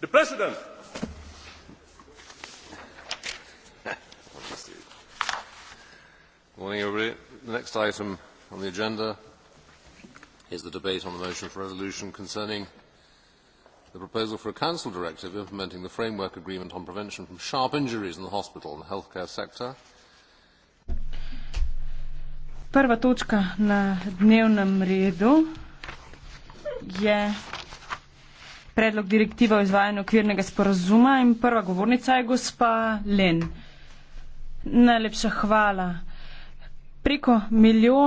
the president morning everybody the next item on the agenda is the debate on the motion for resolution concerning the proposal for a council directive implementing the framework agreement on prevention from sharp injuries in the hospital and healthcare sector prva točka na dnevnem redu je predlog direktive o izvajanju okvirnega sporazuma in prva govornica je gospa Len. Najlepša hvala. Preko milijon